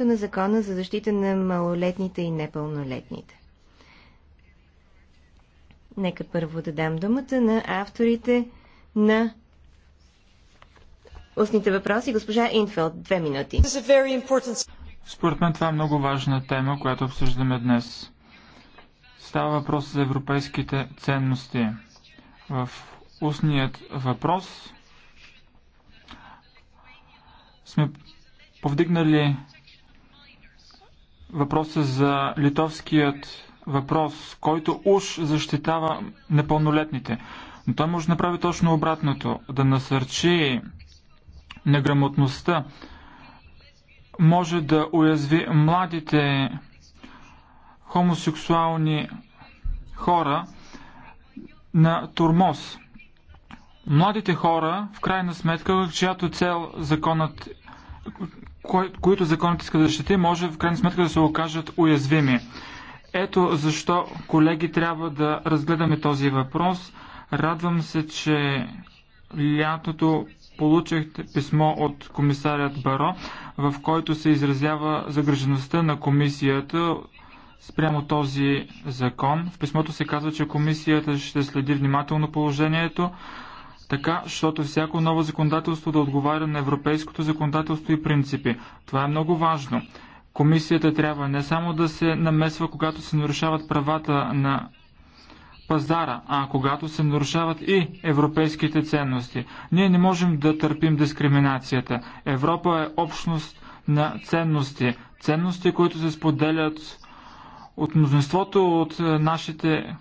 прилагането на Закона за защита на малолетните и непълнолетните. Нека първо да дам думата на авторите на устните въпроси. Госпожа Инфелд, две минути. Според мен това е много важна тема, която обсъждаме днес. Става въпрос за европейските ценности. В устният въпрос сме повдигнали въпроса за литовският въпрос, който уж защитава непълнолетните. Но той може да направи точно обратното, да насърчи неграмотността, може да уязви младите хомосексуални хора на турмоз. Младите хора, в крайна сметка, чиято цел законът кои, които законът иска да защити, може в крайна сметка да се окажат уязвими. Ето защо, колеги, трябва да разгледаме този въпрос. Радвам се, че лятото получих писмо от комисарят Баро, в който се изразява загрежеността на комисията спрямо този закон. В писмото се казва, че комисията ще следи внимателно положението, така, защото всяко ново законодателство да отговаря на европейското законодателство и принципи. Това е много важно. Комисията трябва не само да се намесва, когато се нарушават правата на пазара, а когато се нарушават и европейските ценности. Ние не можем да търпим дискриминацията. Европа е общност на ценности. Ценности, които се споделят от мнозинството от е, нашите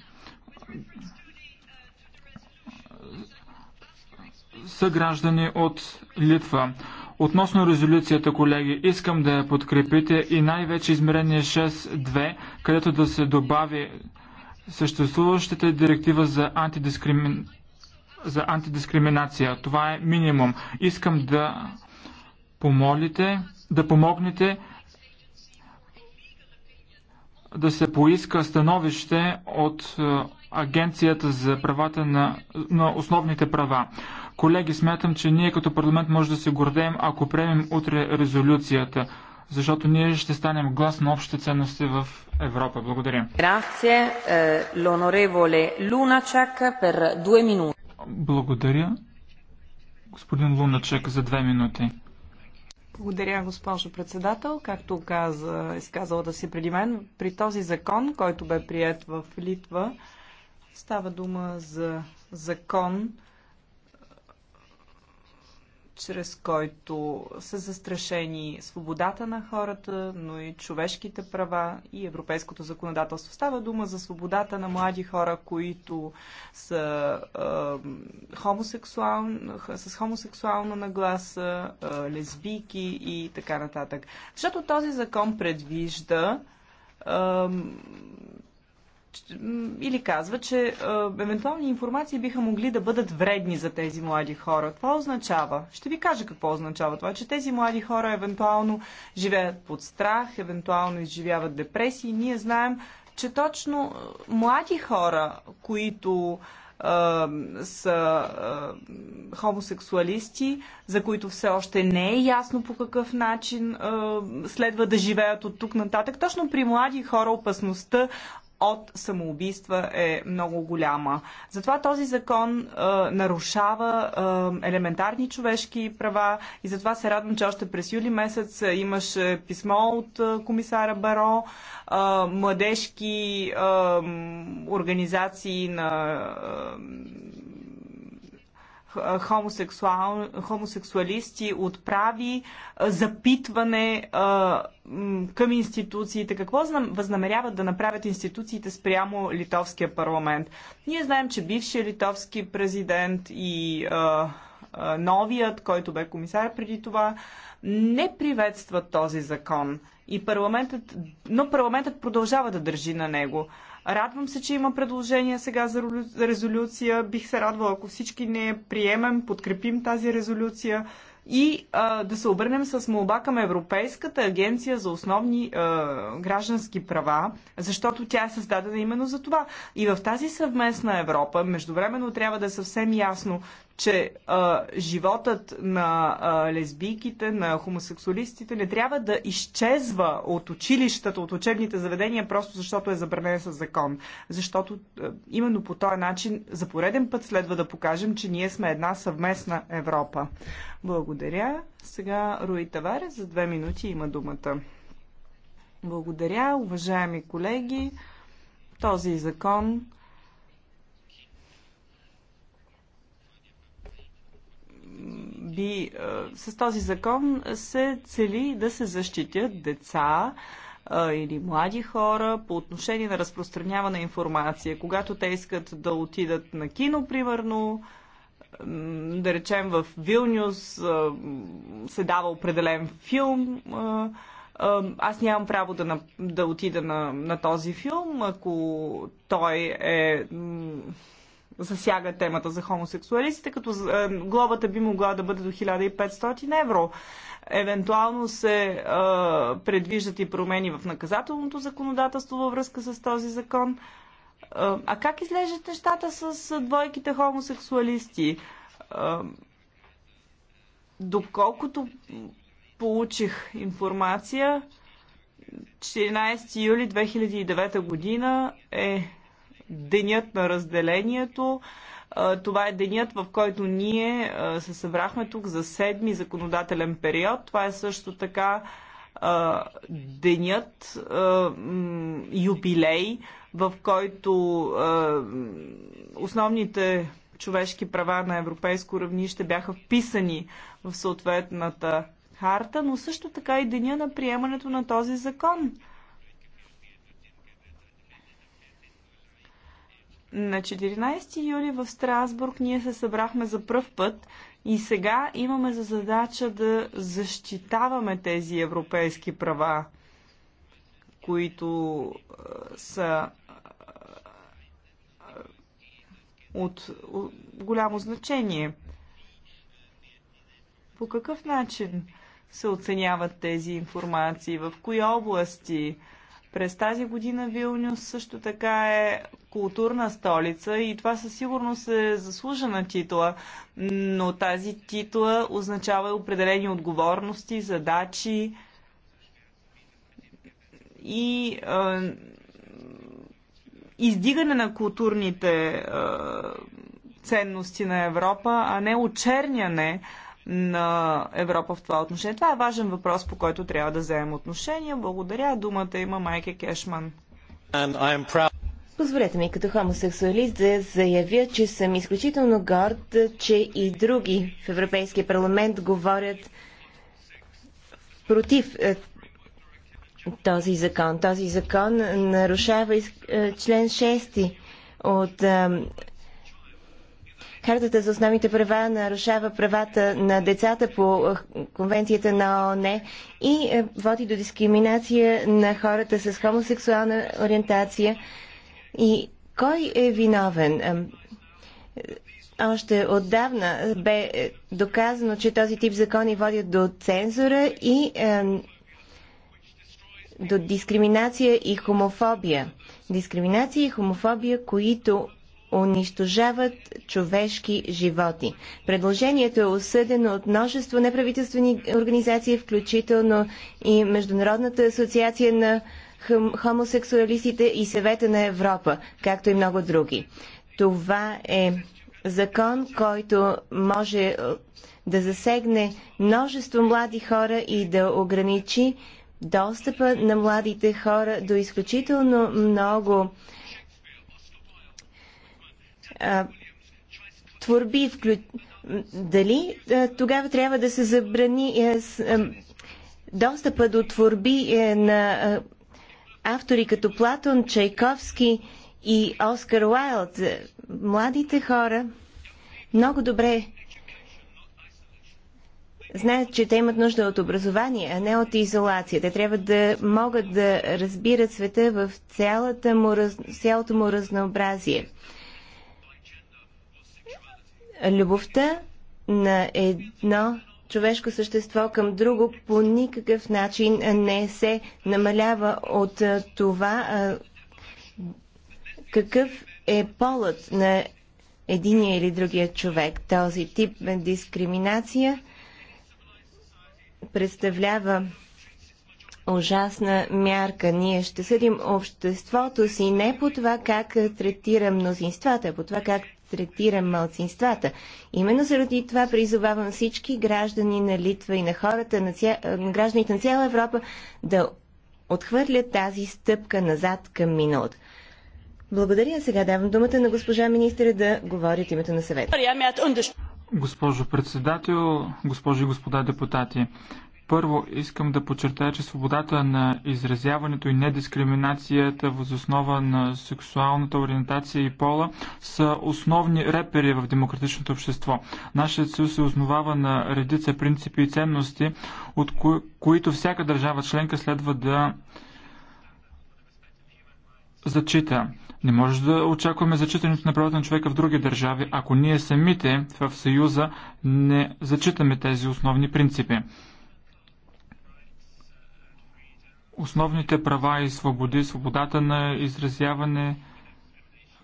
съграждани от Литва. Относно резолюцията, колеги, искам да я подкрепите и най-вече измерение 6.2, където да се добави съществуващата директива за, антидискрими... за антидискриминация. Това е минимум. Искам да помолите, да помогнете да се поиска становище от е, Агенцията за правата на, на основните права. Колеги, смятам, че ние като парламент може да се гордеем, ако приемем утре резолюцията, защото ние ще станем глас на общите ценности в Европа. Благодаря. Е, Благодаря. Господин Луначек за две минути. Благодаря, госпожо председател. Както каза, изказала да си преди мен, при този закон, който бе прият в Литва, става дума за закон, чрез който са застрашени свободата на хората, но и човешките права и европейското законодателство. Става дума за свободата на млади хора, които са е, хомосексуал, с хомосексуална нагласа, е, лесбийки и така нататък. Защото този закон предвижда е, или казва, че е, евентуални информации биха могли да бъдат вредни за тези млади хора. Това означава, ще ви кажа какво означава това, че тези млади хора евентуално живеят под страх, евентуално изживяват депресии. Ние знаем, че точно е, млади хора, които е, са е, хомосексуалисти, за които все още не е ясно по какъв начин е, следва да живеят от тук нататък. Точно при млади хора опасността от самоубийства е много голяма. Затова този закон а, е, нарушава а, е, елементарни човешки права и затова се радвам, че още през юли месец имаше писмо от е, комисара Баро, а, е, младежки а, е, организации на е, е, хомосексуал, хомосексуалисти отправи е, запитване е, към институциите? Какво възнамеряват да направят институциите спрямо литовския парламент? Ние знаем, че бившият литовски президент и новият, който бе комисар преди това, не приветстват този закон. И парламентът, но парламентът продължава да държи на него. Радвам се, че има предложение сега за резолюция. Бих се радвала, ако всички не приемем, подкрепим тази резолюция и а, да се обърнем с молба към Европейската агенция за основни а, граждански права, защото тя е създадена именно за това. И в тази съвместна Европа, междувременно трябва да е съвсем ясно, че а, животът на а, лесбийките, на хомосексуалистите не трябва да изчезва от училищата, от учебните заведения, просто защото е забранен със закон. Защото а, именно по този начин за пореден път следва да покажем, че ние сме една съвместна Европа. Благодаря. Сега Руи Таваре за две минути има думата. Благодаря, уважаеми колеги. Този закон би, е, с този закон се цели да се защитят деца е, или млади хора по отношение на разпространяване на информация. Когато те искат да отидат на кино, примерно, да речем в Вилнюс е, се дава определен филм, аз нямам право да, на, да отида на, на този филм, ако той е засяга темата за хомосексуалистите, като е, глобата би могла да бъде до 1500 евро. Евентуално се е, предвиждат и промени в наказателното законодателство във връзка с този закон. Е, а как излежат нещата с двойките хомосексуалисти? Доколкото получих информация, 14 юли 2009 година е денят на разделението. Това е денят, в който ние се събрахме тук за седми законодателен период. Това е също така денят, юбилей, в който основните човешки права на европейско равнище бяха вписани в съответната харта, но също така и деня на приемането на този закон. На 14 юли в Страсбург ние се събрахме за пръв път и сега имаме за задача да защитаваме тези европейски права, които са от, голямо значение. По какъв начин се оценяват тези информации? В кои области? През тази година Вилнюс също така е културна столица и това със сигурност е заслужена титла, но тази титла означава определени отговорности, задачи и е, издигане на културните е, ценности на Европа, а не очерняне на Европа в това отношение. Това е важен въпрос, по който трябва да вземем отношение. Благодаря. Думата има майка Кешман. Позволете ми като хомосексуалист да заявя, че съм изключително горд, че и други в Европейския парламент говорят против е, този закон. Този закон нарушава е, член 6 от е, Хартата за основните права нарушава правата на децата по е, конвенцията на ООН и е, води до дискриминация на хората с хомосексуална ориентация. И кой е виновен? Е, още отдавна бе доказано, че този тип закони водят до цензура и до дискриминация и хомофобия. Дискриминация и хомофобия, които унищожават човешки животи. Предложението е осъдено от множество неправителствени организации, включително и Международната асоциация на хомосексуалистите и съвета на Европа, както и много други. Това е закон, който може е, да засегне множество млади хора и да ограничи достъпа на младите хора до изключително много творби, вклю... дали тогава трябва да се забрани с, достъпа до творби е, на автори като Платон, Чайковски и Оскар Уайлд. Младите хора много добре знаят, че те имат нужда от образование, а не от изолация. Те трябва да могат да разбират света в цялата му, цялото му разнообразие любовта на едно човешко същество към друго по никакъв начин не се намалява от това какъв е полът на единия или другия човек. Този тип дискриминация представлява ужасна мярка. Ние ще съдим обществото си не по това как третира мнозинствата, а по това как третира малцинствата. Именно заради това призовавам всички граждани на Литва и на хората, на ця... гражданите на цяла Европа да отхвърлят тази стъпка назад към миналото. Благодаря. Сега давам думата на госпожа министра да говори от името на съвета. Госпожо председател, госпожи и господа депутати, първо, искам да подчертая, че свободата на изразяването и недискриминацията въз основа на сексуалната ориентация и пола са основни репери в демократичното общество. Нашият съюз се основава на редица принципи и ценности, от кои, които всяка държава членка следва да зачита. Не може да очакваме зачитането на правата на човека в други държави, ако ние самите в Съюза не зачитаме тези основни принципи. основните права и свободи, свободата на изразяване,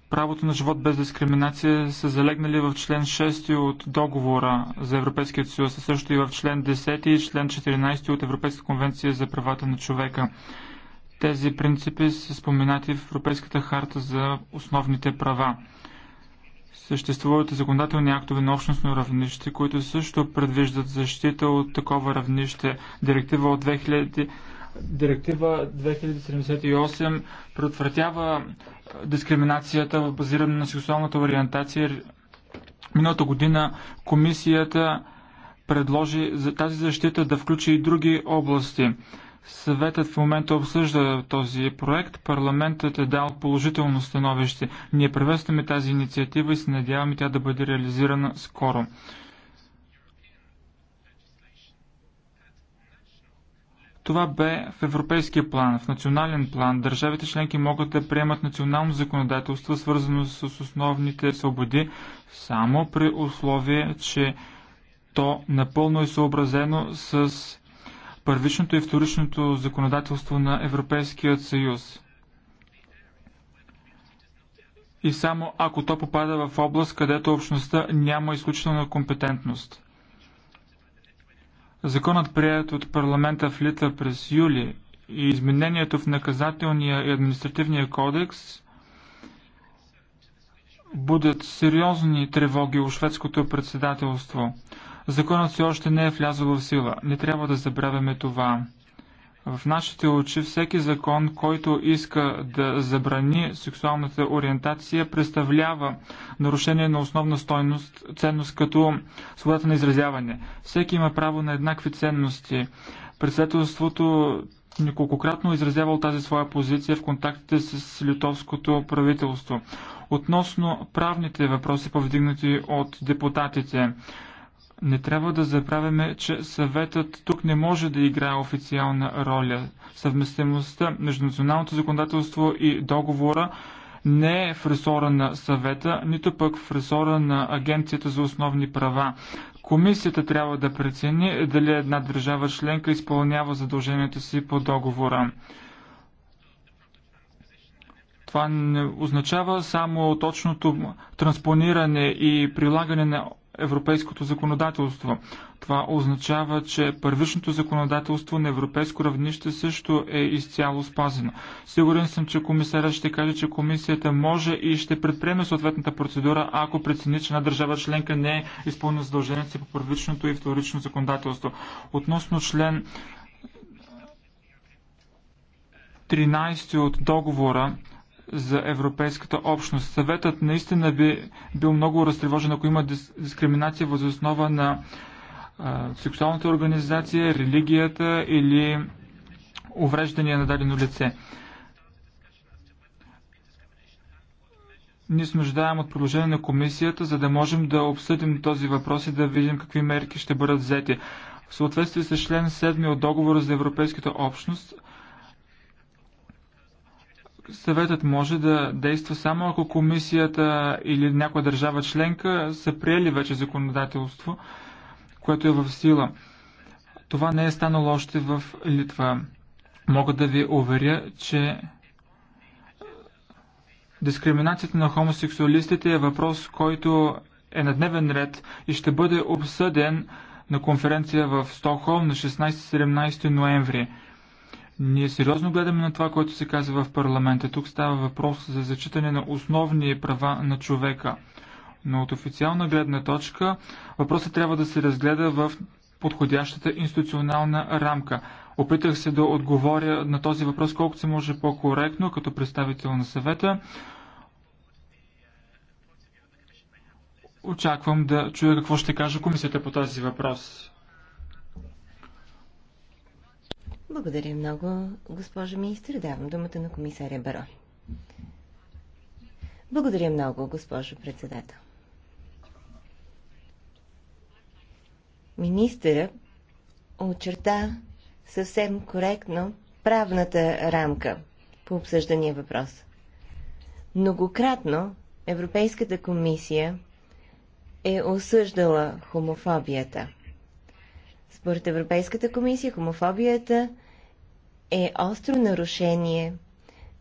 правото на живот без дискриминация са залегнали в член 6 от договора за Европейския съюз, а също и в член 10 и член 14 от Европейската конвенция за правата на човека. Тези принципи са споменати в Европейската харта за основните права. Съществуват законодателни актове на общностно равнище, които също предвиждат защита от такова равнище. Директива от 2000 Директива 2078 предотвратява дискриминацията базирана на сексуалната ориентация. Миналата година комисията предложи за тази защита да включи и други области. Съветът в момента обсъжда този проект. Парламентът е дал положително становище. Ние приветстваме тази инициатива и се надяваме тя да бъде реализирана скоро. Това бе в европейския план. В национален план държавите членки могат да приемат национално законодателство, свързано с основните свободи, само при условие, че то напълно е съобразено с първичното и вторичното законодателство на Европейският съюз. И само ако то попада в област, където общността няма изключителна компетентност. Законът прият от парламента в Литва през юли и изменението в наказателния и административния кодекс будят сериозни тревоги у шведското председателство. Законът все още не е влязъл в сила. Не трябва да забравяме това. В нашите очи всеки закон, който иска да забрани сексуалната ориентация, представлява нарушение на основна стойност, ценност като свободата на изразяване. Всеки има право на еднакви ценности. Председателството неколкократно изразявал тази своя позиция в контактите с литовското правителство. Относно правните въпроси, повдигнати от депутатите, не трябва да забравяме, че съветът тук не може да играе официална роля. Съвместимостта между националното законодателство и договора не е в ресора на съвета, нито пък в ресора на Агенцията за основни права. Комисията трябва да прецени дали една държава членка изпълнява задълженията си по договора. Това не означава само точното транспониране и прилагане на европейското законодателство. Това означава, че първичното законодателство на европейско равнище също е изцяло спазено. Сигурен съм, че комисарът ще каже, че комисията може и ще предприеме съответната процедура, ако прецени, че една държава членка не е изпълнена задължението си по първичното и вторично законодателство. Относно член 13 от договора за Европейската общност. Съветът наистина би бил много разтревожен, ако има дискриминация въз основа на а, сексуалната организация, религията или увреждания на дадено лице. Ние се нуждаем от продължение на комисията, за да можем да обсъдим този въпрос и да видим какви мерки ще бъдат взети. В съответствие с член 7 от договора за Европейската общност, съветът може да действа само ако комисията или някоя държава членка са приели вече законодателство, което е в сила. Това не е станало още в Литва. Мога да ви уверя, че дискриминацията на хомосексуалистите е въпрос, който е на дневен ред и ще бъде обсъден на конференция в Стокхолм на 16-17 ноември. Ние сериозно гледаме на това, което се казва в парламента. Тук става въпрос за зачитане на основни права на човека. Но от официална гледна точка въпросът трябва да се разгледа в подходящата институционална рамка. Опитах се да отговоря на този въпрос колкото се може по-коректно като представител на съвета. Очаквам да чуя какво ще каже комисията по този въпрос. Благодаря много, госпожо министър. Давам думата на комисаря Барон. Благодаря много, госпожо председател. Министъра очерта съвсем коректно правната рамка по обсъждания въпрос. Многократно Европейската комисия е осъждала хомофобията. Според Европейската комисия, хомофобията е остро нарушение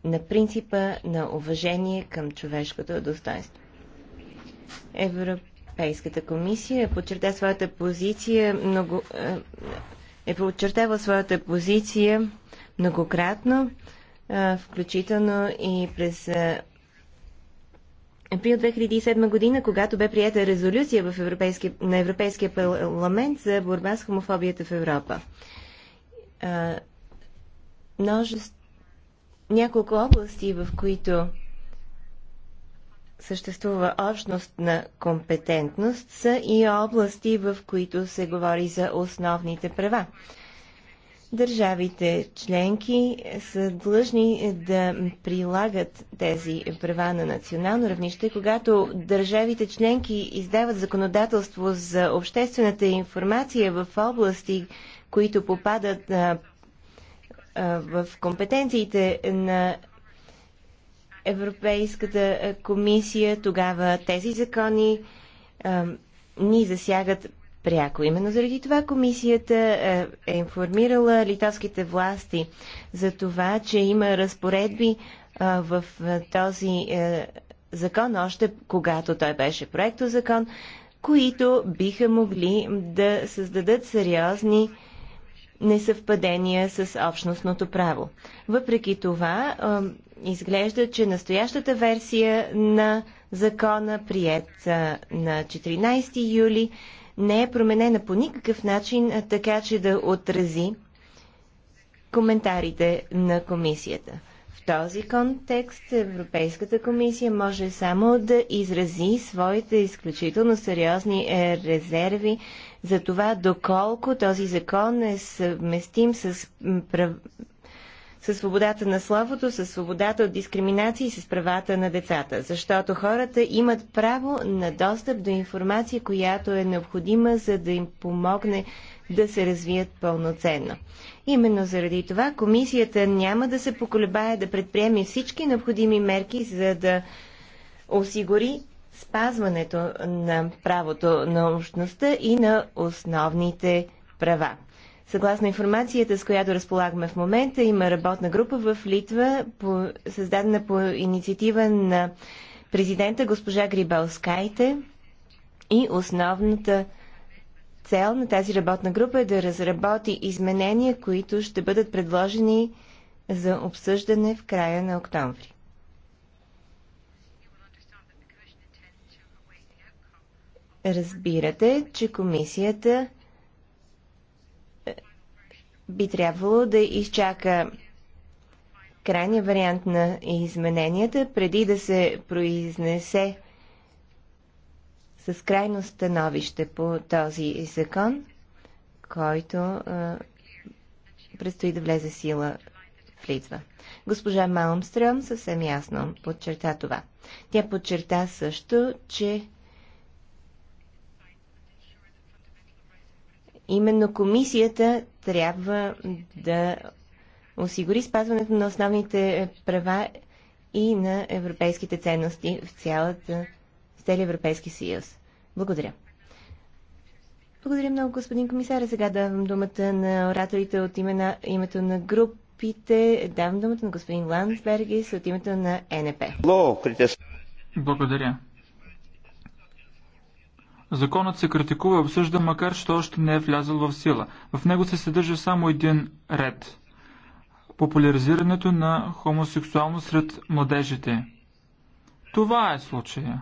на принципа на уважение към човешкото достоинство. Европейската комисия е подчерта своята позиция много, е, е подчертава своята позиция многократно, включително и през април 2007 година, когато бе приета резолюция в Европейски, на Европейския парламент за борба с хомофобията в Европа. А, множество, няколко области, в които съществува общност на компетентност, са и области, в които се говори за основните права. Държавите членки са длъжни да прилагат тези права на национално равнище. Когато държавите членки издават законодателство за обществената информация в области, които попадат а, а, в компетенциите на Европейската комисия, тогава тези закони а, ни засягат пряко. Именно заради това комисията е, е информирала литовските власти за това, че има разпоредби е, в е, този закон, още когато той беше проекто закон, които биха могли да създадат сериозни несъвпадения с общностното право. Въпреки това, изглежда, че настоящата версия на закона, прият на 14 юли, не е променена по никакъв начин, така че да отрази коментарите на комисията. В този контекст Европейската комисия може само да изрази своите изключително сериозни е, резерви за това доколко този закон е съвместим с със свободата на словото, със свободата от дискриминация и с правата на децата, защото хората имат право на достъп до информация, която е необходима, за да им помогне да се развият пълноценно. Именно заради това комисията няма да се поколебае да предприеме всички необходими мерки, за да осигури спазването на правото на общността и на основните права. Съгласно информацията, с която разполагаме в момента, има работна група в Литва, по, създадена по инициатива на президента госпожа Грибалскайте и основната цел на тази работна група е да разработи изменения, които ще бъдат предложени за обсъждане в края на октомври. Разбирате, че комисията би трябвало да изчака крайния вариант на измененията, преди да се произнесе с крайно становище по този закон, който а, предстои да влезе сила в Литва. Госпожа Малмстрем съвсем ясно подчерта това. Тя подчерта също, че именно комисията трябва да осигури спазването на основните права и на европейските ценности в цялата в целия Европейски съюз. Благодаря. Благодаря много, господин комисар. Сега давам думата на ораторите от имена, името на групите. Давам думата на господин Ландсбергис от името на НП. Благодаря. Законът се критикува и обсъжда, макар че още не е влязъл в сила. В него се съдържа само един ред – популяризирането на хомосексуалност сред младежите. Това е случая.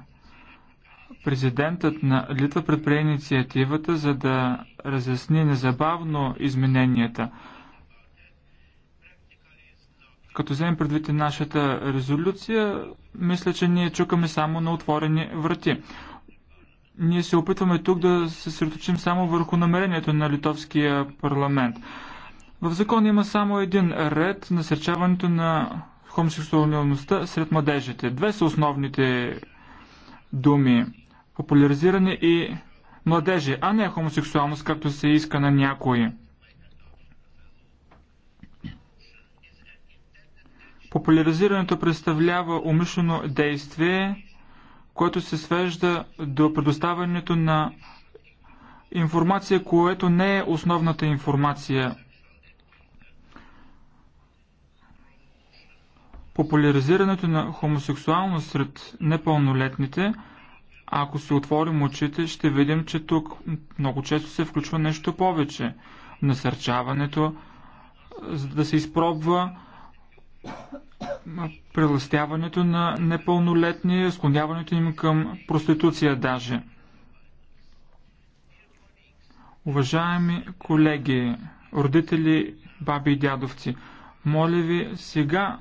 Президентът на Литва предприе инициативата, за да разясни незабавно измененията. Като вземем предвид и нашата резолюция, мисля, че ние чукаме само на отворени врати. Ние се опитваме тук да се съсредоточим само върху намерението на литовския парламент. В закон има само един ред насърчаването на хомосексуалността сред младежите. Две са основните думи. Популяризиране и младежи, а не хомосексуалност, както се иска на някои. Популяризирането представлява умишлено действие което се свежда до предоставянето на информация, което не е основната информация. Популяризирането на хомосексуалност сред непълнолетните, ако се отворим очите, ще видим, че тук много често се включва нещо повече. Насърчаването, за да се изпробва прелъстяването на непълнолетни, склоняването им към проституция даже. Уважаеми колеги, родители, баби и дядовци, моля ви сега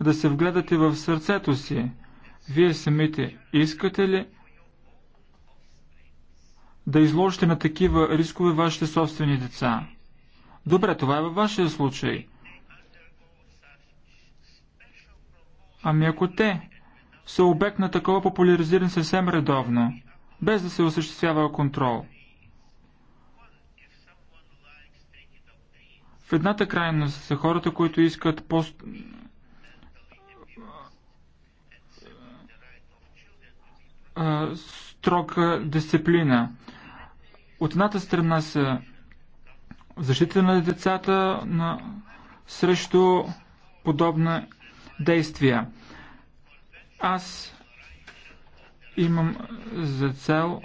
да се вгледате в сърцето си. Вие самите искате ли да изложите на такива рискове вашите собствени деца? Добре, това е във вашия случай – Ами ако те са обект на такова популяризиране съвсем редовно, без да се осъществява контрол. В едната крайност са хората, които искат пост... строга дисциплина. От едната страна са защита на децата на... срещу подобна действия. Аз имам за цел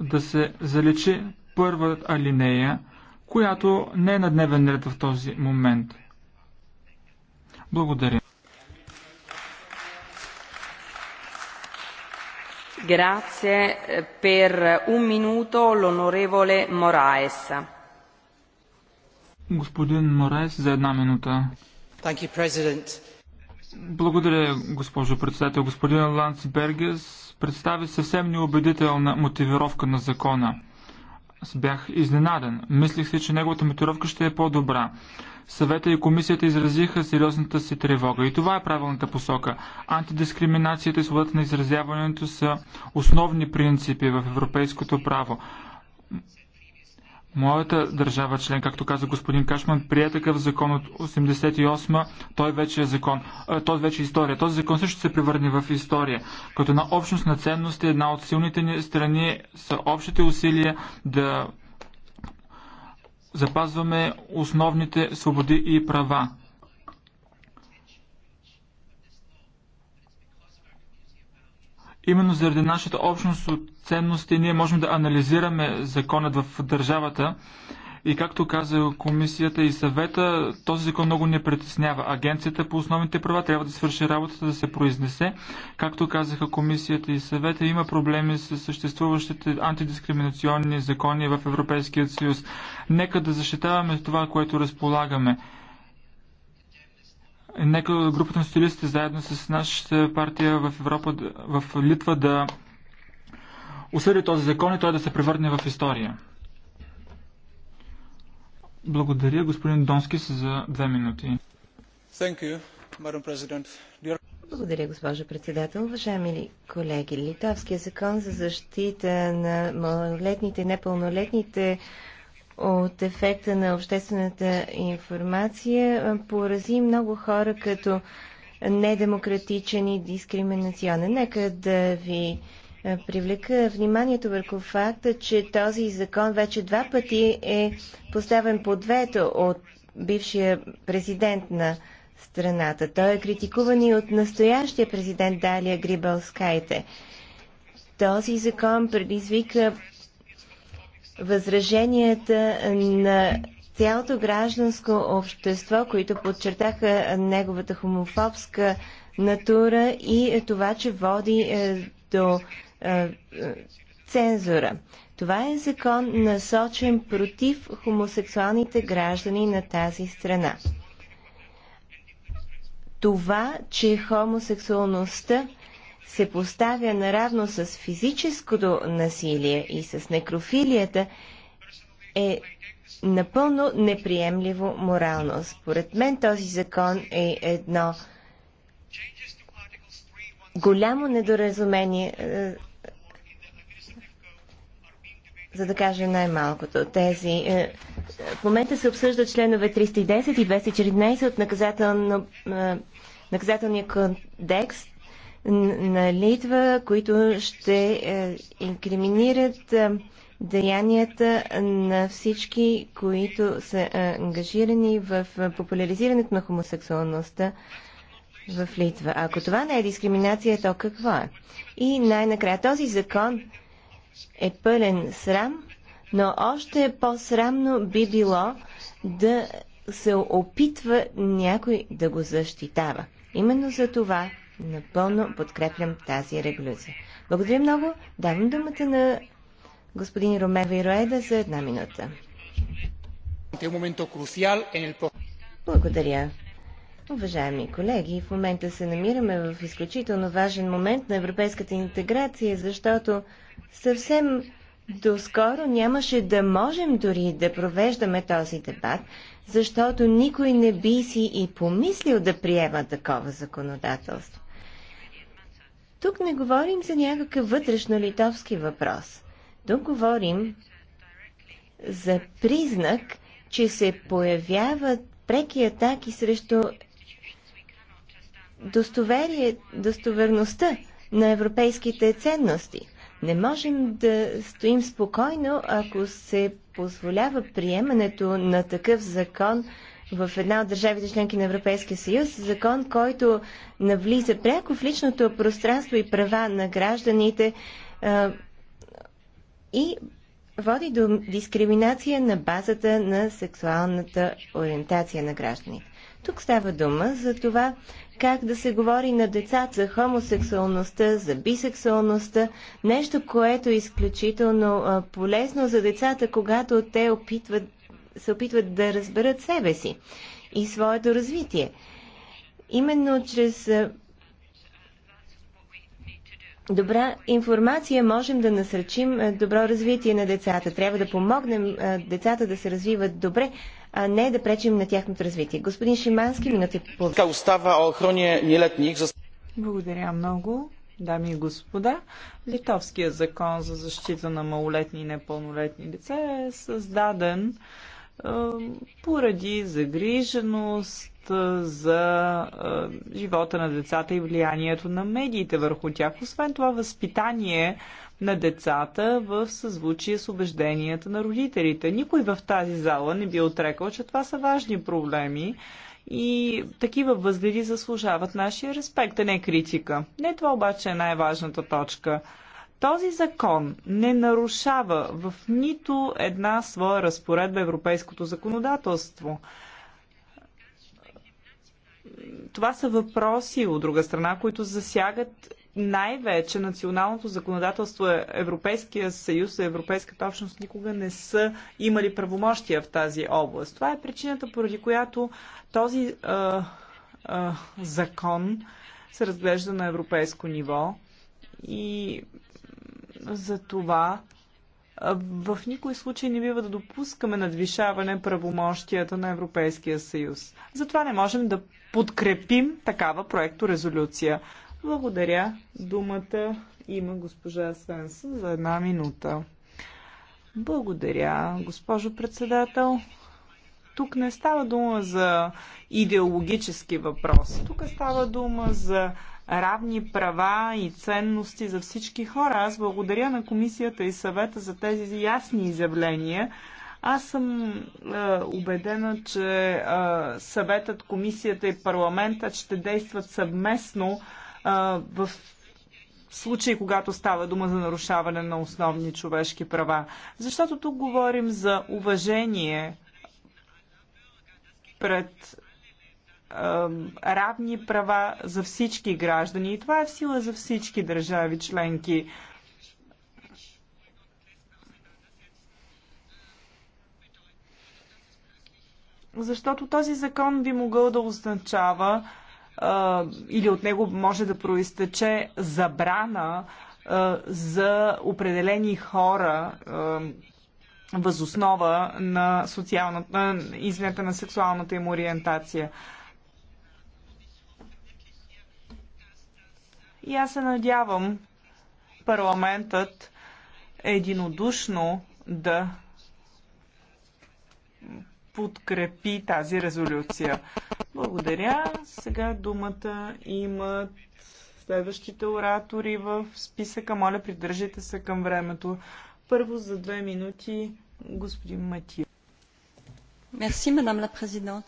да се заличи първа алинея, която не е на дневен ред в този момент. Благодаря. Grazie per un minuto l'onorevole Moraes. Господин Мораес за една минута. Благодаря, госпожо председател. Господин Бергес представи съвсем неубедителна мотивировка на закона. Аз бях изненаден. Мислих се, че неговата мотивировка ще е по-добра. Съвета и комисията изразиха сериозната си тревога и това е правилната посока. Антидискриминацията и свободата на изразяването са основни принципи в европейското право. Моята държава член, както каза господин Кашман, прие такъв закон от 88-ма. Той вече е закон. той вече е история. Този закон също се превърне в история. Като една общност на ценности, една от силните ни страни са общите усилия да запазваме основните свободи и права. Именно заради нашата общност от ценности ние можем да анализираме законът в държавата. И както каза комисията и съвета, този закон много не притеснява. Агенцията по основните права трябва да свърши работата, да се произнесе. Както казаха комисията и съвета, има проблеми с съществуващите антидискриминационни закони в Европейския съюз. Нека да защитаваме това, което разполагаме. Нека групата на социалистите заедно с нашата партия в Европа, в Литва да осъди този закон и той да се превърне в история. Благодаря господин Донски за две минути. Благодаря, госпожа председател. Уважаеми колеги, Литовския закон за защита на малолетните и непълнолетните от ефекта на обществената информация порази много хора като недемократичен и дискриминационен. Нека да ви привлека вниманието върху факта, че този закон вече два пъти е поставен под вето от бившия президент на страната. Той е критикуван и от настоящия президент Далия Грибалскайте. Този закон предизвика възраженията на цялото гражданско общество, които подчертаха неговата хомофобска натура и това, че води е, до е, цензура. Това е закон насочен против хомосексуалните граждани на тази страна. Това, че хомосексуалността се поставя наравно с физическото насилие и с некрофилията, е напълно неприемливо морално. Според мен този закон е едно голямо недоразумение, е, за да кажа най-малкото. Тези, е, в момента се обсъждат членове 310 и 214 от наказателно, е, наказателния кодекс, на Литва, които ще е, инкриминират е, деянията на всички, които са е, ангажирани в популяризирането на хомосексуалността в Литва. Ако това не е дискриминация, то какво е? И най-накрая този закон е пълен срам, но още по-срамно би било да се опитва някой да го защитава. Именно за това Напълно подкрепям тази революция. Благодаря много. Давам думата на господин Ромева Роеда за една минута. Благодаря. Уважаеми колеги, в момента се намираме в изключително важен момент на европейската интеграция, защото съвсем доскоро нямаше да можем дори да провеждаме този дебат, защото никой не би си и помислил да приема такова законодателство. Тук не говорим за някакъв вътрешно-литовски въпрос. Тук говорим за признак, че се появяват преки атаки срещу достоверие, достоверността на европейските ценности. Не можем да стоим спокойно, ако се позволява приемането на такъв закон в една от държавите членки на Европейския съюз, закон, който навлиза пряко в личното пространство и права на гражданите а, и води до дискриминация на базата на сексуалната ориентация на гражданите. Тук става дума за това как да се говори на децата за хомосексуалността, за бисексуалността, нещо, което е изключително полезно за децата, когато те опитват се опитват да разберат себе си и своето развитие. Именно чрез добра информация можем да насръчим добро развитие на децата. Трябва да помогнем децата да се развиват добре, а не да пречим на тяхното развитие. Господин Шимански, минути и Благодаря много. Дами и господа, Литовският закон за защита на малолетни и непълнолетни деца е създаден поради загриженост за живота на децата и влиянието на медиите върху тях. Освен това, възпитание на децата в съзвучие с убежденията на родителите. Никой в тази зала не би отрекал, че това са важни проблеми и такива възгледи заслужават нашия респект, а не критика. Не това обаче е най-важната точка. Този закон не нарушава в нито една своя разпоредба европейското законодателство. Това са въпроси, от друга страна, които засягат най-вече националното законодателство е, Европейския съюз и Европейската общност никога не са имали правомощия в тази област. Това е причината, поради която този а, а, закон се разглежда на европейско ниво и за това в никой случай не бива да допускаме надвишаване правомощията на Европейския съюз. Затова не можем да подкрепим такава проекторезолюция. Благодаря. Думата има госпожа Свенсън за една минута. Благодаря, госпожо председател. Тук не става дума за идеологически въпрос. Тук става дума за равни права и ценности за всички хора. Аз благодаря на комисията и съвета за тези ясни изявления. Аз съм е, убедена, че е, съветът, комисията и парламентът ще действат съвместно е, в случаи, когато става дума за нарушаване на основни човешки права. Защото тук говорим за уважение пред равни права за всички граждани. И това е в сила за всички държави членки. Защото този закон би могъл да означава или от него може да проистече забрана за определени хора възоснова на, на, на сексуалната им ориентация. И аз се надявам парламентът единодушно да подкрепи тази резолюция. Благодаря. Сега думата имат следващите оратори в списъка. Моля, придържайте се към времето. Първо за две минути господин Матио. Merci, Madame la Présidente.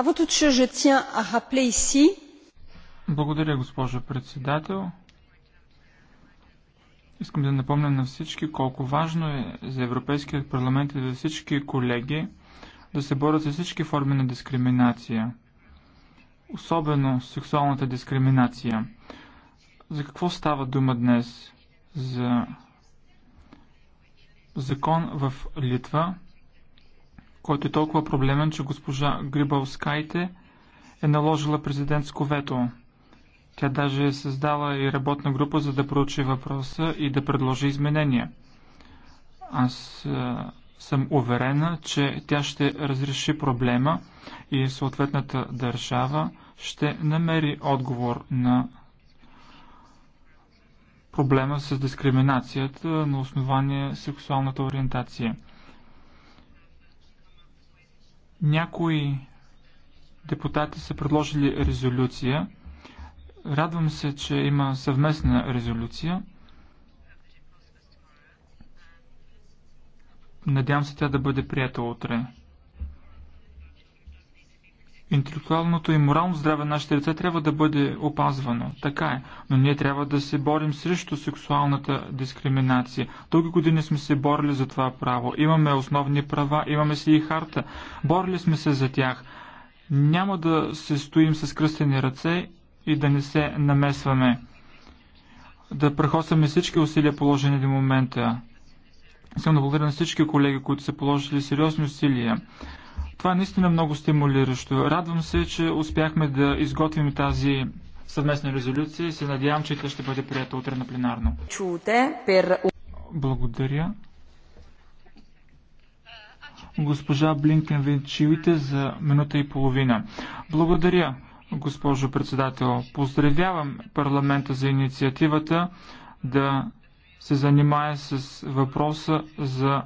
Avant toute chose, je tiens à rappeler ici благодаря, госпожо председател. Искам да напомня на всички колко важно е за Европейския парламент и за всички колеги да се борят с всички форми на дискриминация, особено сексуалната дискриминация. За какво става дума днес? За закон в Литва, който е толкова проблемен, че госпожа Грибалскайте е наложила президентско вето. Тя даже е създала и работна група, за да проучи въпроса и да предложи изменения. Аз е, съм уверена, че тя ще разреши проблема и съответната държава ще намери отговор на проблема с дискриминацията на основание сексуалната ориентация. Някои депутати са предложили резолюция, Радвам се, че има съвместна резолюция. Надявам се тя да бъде прията утре. Интелектуалното и морално здраве на нашите деца трябва да бъде опазвано. Така е. Но ние трябва да се борим срещу сексуалната дискриминация. Дълги години сме се борили за това право. Имаме основни права, имаме си и харта. Борили сме се за тях. Няма да се стоим с кръстени ръце и да не се намесваме. Да прехосваме всички усилия положени до момента. Искам да благодаря на всички колеги, които са положили сериозни усилия. Това е наистина много стимулиращо. Радвам се, че успяхме да изготвим тази съвместна резолюция и се надявам, че тя ще бъде прията утре на пленарно. Чуте пер... Благодаря. Госпожа Блинкен, ви за минута и половина. Благодаря, госпожо председател. Поздравявам парламента за инициативата да се занимае с въпроса за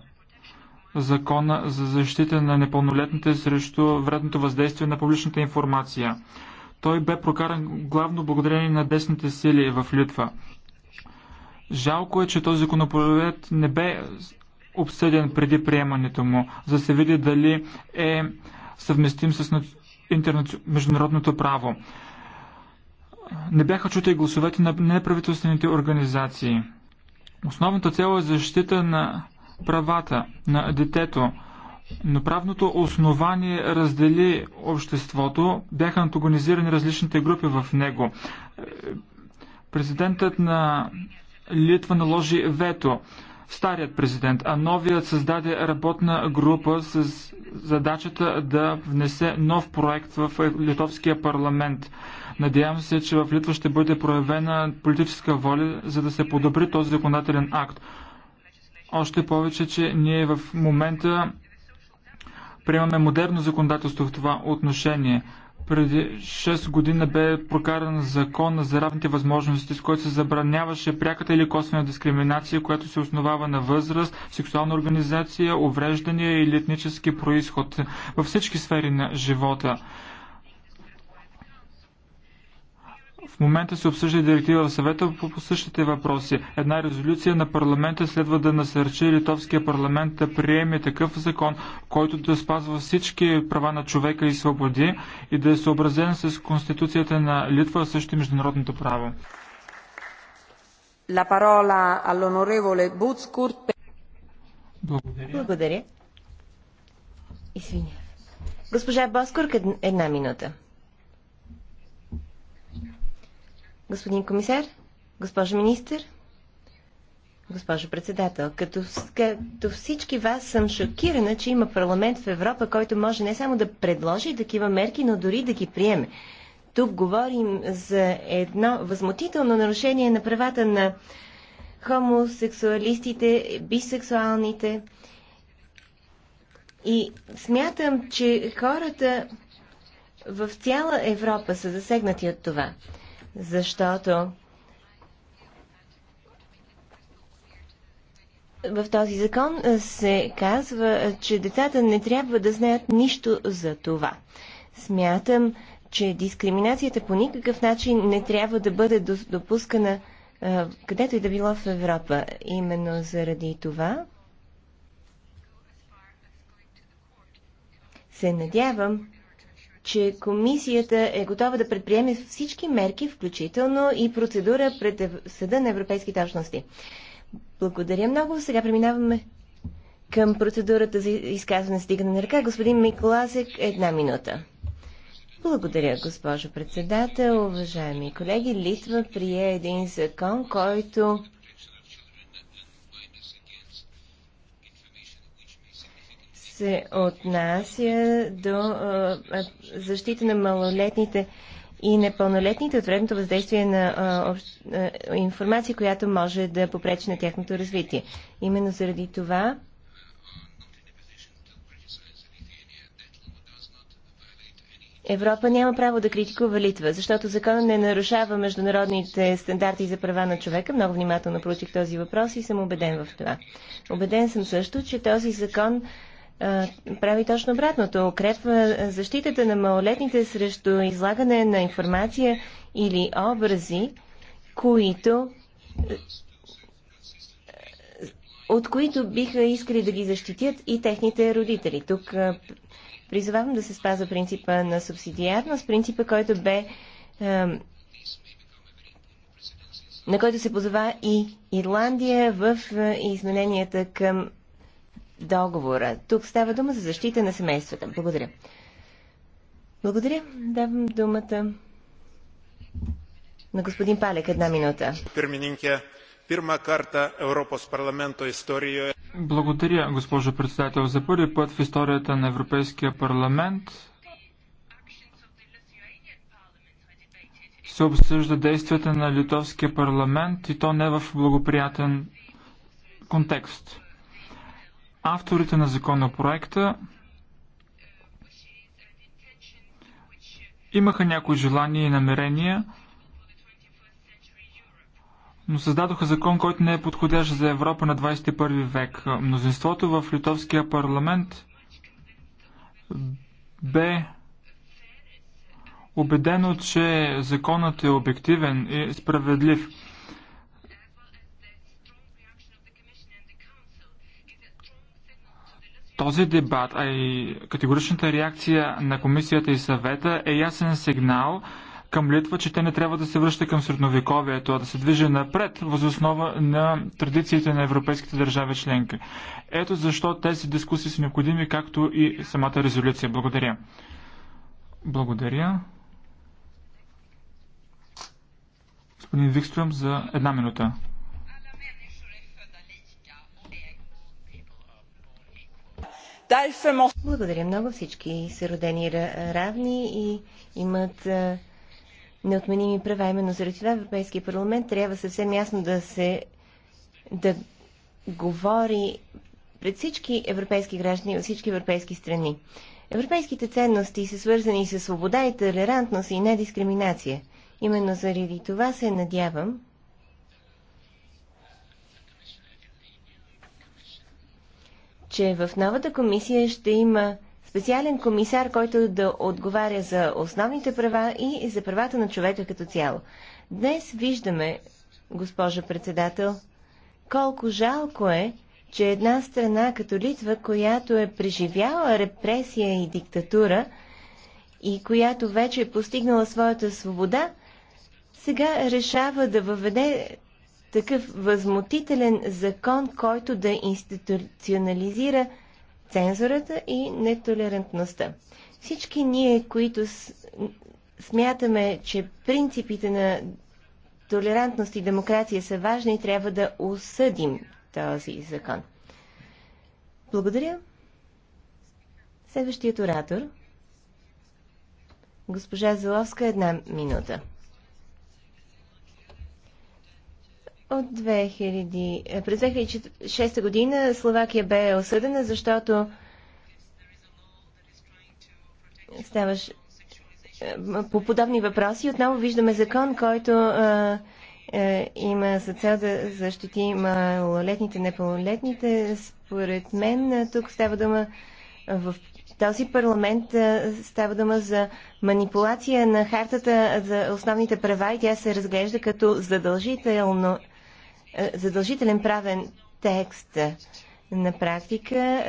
закона за защита на непълнолетните срещу вредното въздействие на публичната информация. Той бе прокаран главно благодарение на десните сили в Литва. Жалко е, че този законопроект не бе обсъден преди приемането му, за да се види дали е съвместим с международното право. Не бяха чути гласовете на неправителствените организации. Основната цел е защита на правата на детето, но правното основание раздели обществото, бяха антагонизирани различните групи в него. Президентът на Литва наложи вето старият президент, а новият създаде работна група с задачата да внесе нов проект в литовския парламент. Надявам се, че в Литва ще бъде проявена политическа воля, за да се подобри този законодателен акт. Още повече, че ние в момента приемаме модерно законодателство в това отношение. Преди 6 години бе прокаран закон за равните възможности, с който се забраняваше пряката или косвена дискриминация, която се основава на възраст, сексуална организация, увреждания или етнически происход във всички сфери на живота. В момента се обсъжда директива в съвета по, същите въпроси. Една резолюция на парламента следва да насърчи литовския парламент да приеме такъв закон, който да спазва всички права на човека и свободи и да е съобразен с Конституцията на Литва, също и международното право. Благодаря. Благодаря. Госпожа Боскорка, една минута. Господин комисар, госпожо министър, госпожо председател, като, като всички вас съм шокирана, че има парламент в Европа, който може не само да предложи такива мерки, но дори да ги приеме. Тук говорим за едно възмутително нарушение на правата на хомосексуалистите, бисексуалните. И смятам, че хората в цяла Европа са засегнати от това защото в този закон се казва, че децата не трябва да знаят нищо за това. Смятам, че дискриминацията по никакъв начин не трябва да бъде допускана където и да било в Европа. Именно заради това се надявам, че комисията е готова да предприеме всички мерки, включително и процедура пред Съда на европейските общности. Благодаря много. Сега преминаваме към процедурата за изказване с дигане на ръка. Господин Миколасек, една минута. Благодаря, госпожо председател. Уважаеми колеги, Литва прие един закон, който се отнася до а, защита на малолетните и непълнолетните от вредното въздействие на а, общ, а, информация, която може да попречи на тяхното развитие. Именно заради това Европа няма право да критикува Литва, защото законът не нарушава международните стандарти за права на човека. Много внимателно проучих този въпрос и съм убеден в това. Убеден съм също, че този закон прави точно обратното. Укрепва защитата на малолетните срещу излагане на информация или образи, които от които биха искали да ги защитят и техните родители. Тук призовавам да се спазва принципа на субсидиарност, принципа, който бе на който се позова и Ирландия в измененията към договора. Тук става дума за защита на семействата. Благодаря. Благодаря. Давам думата на господин Палек. Една минута. Благодаря, госпожо председател. За първи път в историята на Европейския парламент се обсъжда действията на Литовския парламент и то не в благоприятен контекст авторите на законопроекта имаха някои желания и намерения, но създадоха закон, който не е подходящ за Европа на 21 век. Мнозинството в литовския парламент бе убедено, че законът е обективен и справедлив. Този дебат, а и категоричната реакция на комисията и съвета е ясен сигнал към Литва, че те не трябва да се връща към средновековието, а да се движи напред възоснова на традициите на европейските държави членки. Ето защо тези дискусии са необходими, както и самата резолюция. Благодаря. Благодаря. Господин Викстрем за една минута. Благодаря много. Всички са родени равни и имат неотменими права. Именно заради това Европейския парламент трябва съвсем ясно да се да говори пред всички европейски граждани от всички европейски страни. Европейските ценности са свързани с свобода и толерантност и недискриминация. Именно заради това се надявам, че в новата комисия ще има специален комисар, който да отговаря за основните права и за правата на човека като цяло. Днес виждаме, госпожо председател, колко жалко е, че една страна като Литва, която е преживяла репресия и диктатура и която вече е постигнала своята свобода, сега решава да въведе такъв възмутителен закон, който да институционализира цензурата и нетолерантността. Всички ние, които смятаме, че принципите на толерантност и демокрация са важни, трябва да осъдим този закон. Благодаря. Следващият оратор. Госпожа Зеловска, една минута. От 2000, е, през 2006 година Словакия бе осъдена, защото ставаш е, по подобни въпроси. Отново виждаме закон, който а, е, а, има за цел да защити малолетните, непълнолетните. Според мен тук става дума в този парламент става дума за манипулация на хартата за основните права и тя се разглежда като задължително е, задължителен правен текст. На практика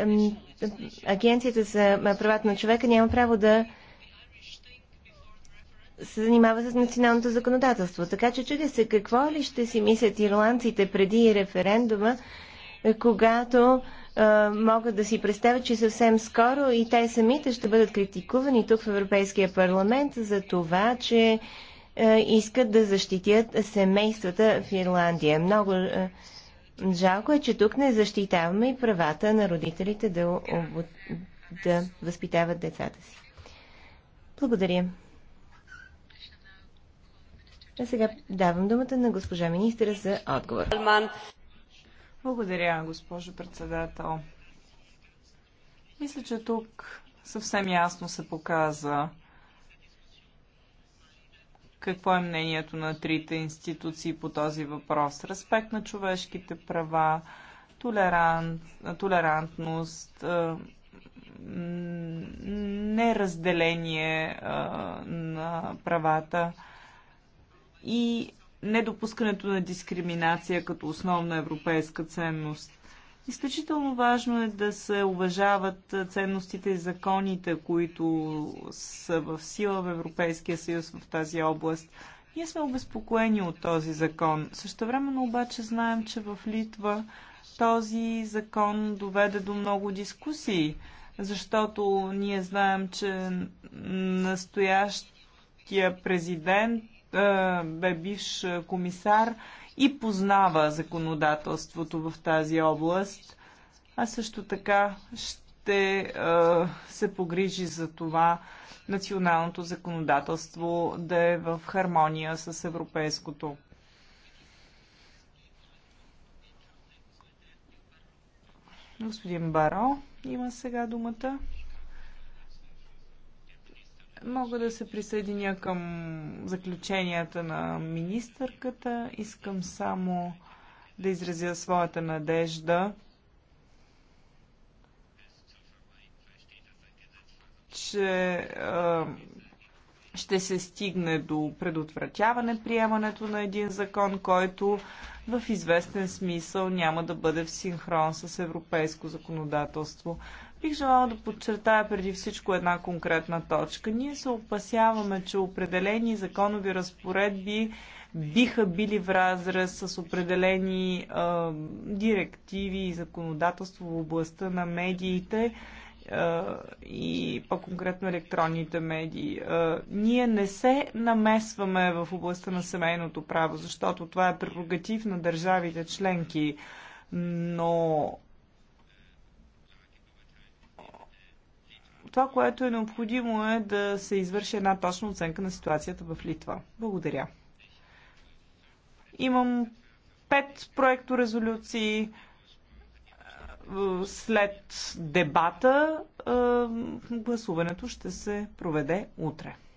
Агенцията за правата на човека няма право да се занимава с националното законодателство. Така че чудя се какво ли ще си мислят ирландците преди референдума, когато а, могат да си представят, че съвсем скоро и те самите ще бъдат критикувани тук в Европейския парламент за това, че е, искат да защитят семействата в Ирландия. Много е, жалко е, че тук не защитаваме и правата на родителите да, да възпитават децата си. Благодаря. А сега давам думата на госпожа министра за отговор. Благодаря, госпожо председател. Мисля, че тук съвсем ясно се показа какво е мнението на трите институции по този въпрос. Респект на човешките права, толерант, толерантност, неразделение на правата и недопускането на дискриминация като основна европейска ценност. Изключително важно е да се уважават ценностите и законите, които са в сила в Европейския съюз в тази област. Ние сме обезпокоени от този закон. времено обаче знаем, че в Литва този закон доведе до много дискусии, защото ние знаем, че настоящия президент е, бе бивш комисар и познава законодателството в тази област, а също така ще е, се погрижи за това националното законодателство да е в хармония с европейското. Господин Баро има сега думата. Мога да се присъединя към заключенията на министърката. Искам само да изразя своята надежда, че а, ще се стигне до предотвратяване приемането на един закон, който в известен смисъл няма да бъде в синхрон с европейско законодателство. Бих желала да подчертая преди всичко една конкретна точка. Ние се опасяваме, че определени законови разпоредби биха били в разрез с определени а, е, директиви и законодателство в областта на медиите а, е, и по-конкретно електронните медии. А, е, ние не се намесваме в областта на семейното право, защото това е прерогатив на държавите членки, но това, което е необходимо е да се извърши една точна оценка на ситуацията в Литва. Благодаря. Имам пет проекто резолюции е, след дебата. Е, гласуването ще се проведе утре.